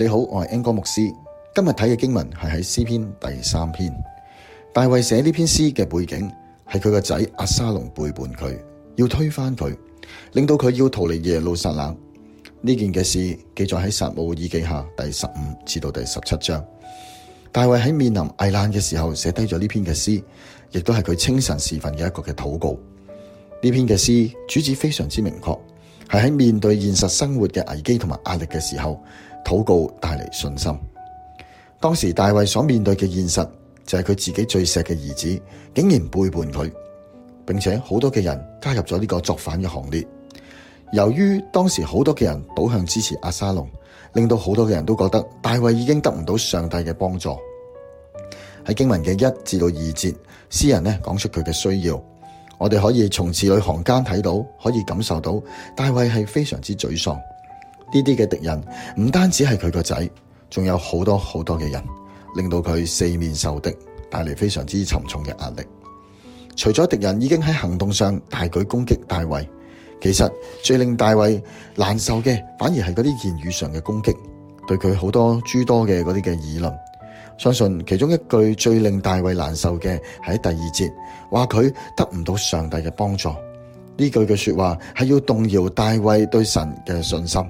你好，我係 Angus 牧師。今日睇嘅經文係喺詩篇第三篇。大衛寫呢篇詩嘅背景係佢個仔押沙龍背叛佢，要推翻佢，令到佢要逃離耶路撒冷呢件嘅事記載，記載喺撒母耳記下第十五至到第十七章。大衛喺面臨危難嘅時候寫低咗呢篇嘅詩，亦都係佢清晨時分嘅一個嘅禱告。呢篇嘅詩主旨非常之明確，係喺面對現實生活嘅危機同埋壓力嘅時候。禱告帶嚟信心。當時大衛所面對嘅現實，就係佢自己最錫嘅兒子，竟然背叛佢，並且好多嘅人加入咗呢個作反嘅行列。由於當時好多嘅人倒向支持押沙龍，令到好多嘅人都覺得大衛已經得唔到上帝嘅幫助。喺經文嘅一至到二節，詩人呢講出佢嘅需要，我哋可以從字裏行間睇到，可以感受到大衛係非常之沮喪。呢啲嘅敵人唔單止係佢個仔，仲有好多好多嘅人，令到佢四面受敵，帶嚟非常之沉重嘅壓力。除咗敵人已經喺行動上大舉攻擊大衛，其實最令大衛難受嘅，反而係嗰啲言語上嘅攻擊，對佢好多諸多嘅嗰啲嘅議論。相信其中一句最令大衛難受嘅係喺第二節，話佢得唔到上帝嘅幫助，呢句嘅說話係要動搖大衛對神嘅信心。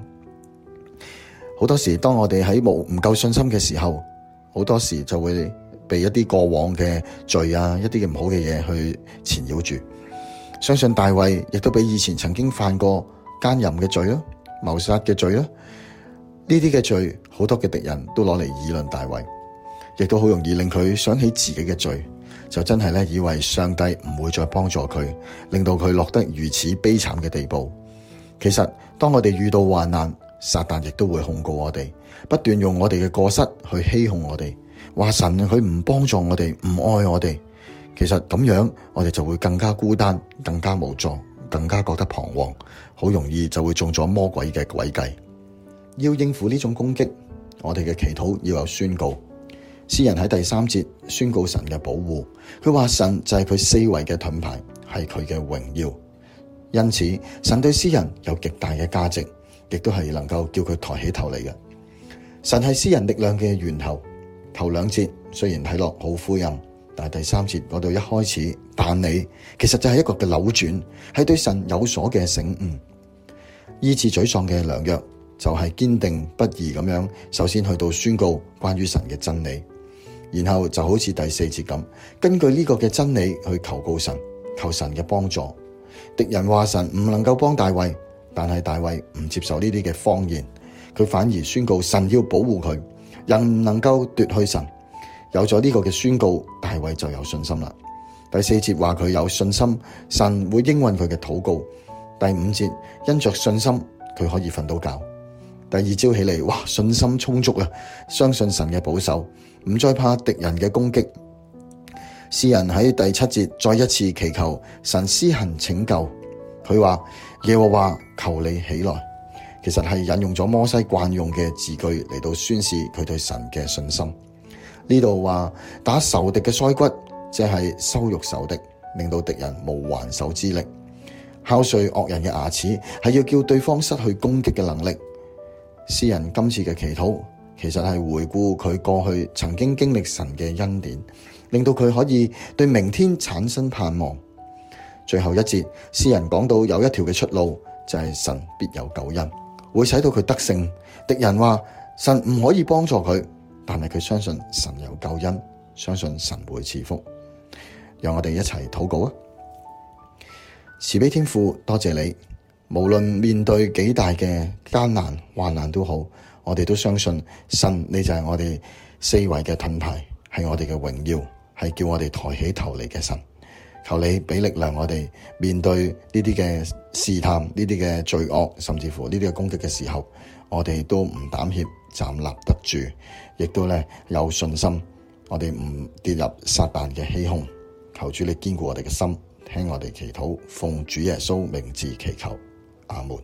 好多時，當我哋喺冇唔夠信心嘅時候，好多時就會被一啲過往嘅罪啊，一啲嘅唔好嘅嘢去纏繞住。相信大衛亦都比以前曾經犯過姦淫嘅罪啦、謀殺嘅罪啦，呢啲嘅罪好多嘅敵人都攞嚟議論大衛，亦都好容易令佢想起自己嘅罪，就真係咧以為上帝唔會再幫助佢，令到佢落得如此悲慘嘅地步。其實當我哋遇到患難，撒旦亦都會控告我哋，不斷用我哋嘅過失去欺哄我哋，話神佢唔幫助我哋，唔愛我哋。其實咁樣我哋就會更加孤單，更加無助，更加覺得彷徨，好容易就會中咗魔鬼嘅詭計。要應付呢種攻擊，我哋嘅祈禱要有宣告。詩人喺第三節宣告神嘅保護，佢話神就係佢四圍嘅盾牌，係佢嘅榮耀。因此，神對詩人有極大嘅價值。亦都係能夠叫佢抬起頭嚟嘅。神係私人力量嘅源頭。頭兩節雖然睇落好灰暗，但係第三節嗰度一開始，但你其實就係一個嘅扭轉，係對神有所嘅醒悟。醫治沮喪嘅良藥就係、是、堅定不移咁樣，首先去到宣告關於神嘅真理，然後就好似第四節咁，根據呢個嘅真理去求告神，求神嘅幫助。敵人話神唔能夠幫大衛。但係大衛唔接受呢啲嘅謊言，佢反而宣告神要保護佢，人唔能夠奪去神。有咗呢個嘅宣告，大衛就有信心啦。第四節話佢有信心，神會應允佢嘅禱告。第五節因着信心，佢可以瞓到覺。第二朝起嚟，哇，信心充足啊，相信神嘅保守，唔再怕敵人嘅攻擊。詩人喺第七節再一次祈求神施行拯救。佢話，耶和華求你起來，其實係引用咗摩西慣用嘅字句嚟到宣示佢對神嘅信心。呢度話打仇敵嘅腮骨，即係羞辱仇敵，令到敵人無還手之力，敲碎惡人嘅牙齒，係要叫對方失去攻擊嘅能力。詩人今次嘅祈禱，其實係回顧佢過去曾經經歷神嘅恩典，令到佢可以對明天產生盼望。最後一節，詩人講到有一條嘅出路，就係、是、神必有救恩，會使到佢得勝。敵人話神唔可以幫助佢，但係佢相信神有救恩，相信神會賜福。讓我哋一齊禱告啊！慈悲天父，多謝你，無論面對幾大嘅艱難患難都好，我哋都相信神，你就係我哋四圍嘅盾牌，係我哋嘅榮耀，係叫我哋抬起頭嚟嘅神。求你俾力量我哋面對呢啲嘅試探、呢啲嘅罪惡，甚至乎呢啲嘅攻擊嘅時候，我哋都唔膽怯，站立得住，亦都咧有信心。我哋唔跌入撒旦嘅欺哄。求主你堅固我哋嘅心，聽我哋祈禱，奉主耶穌名字祈求，阿門。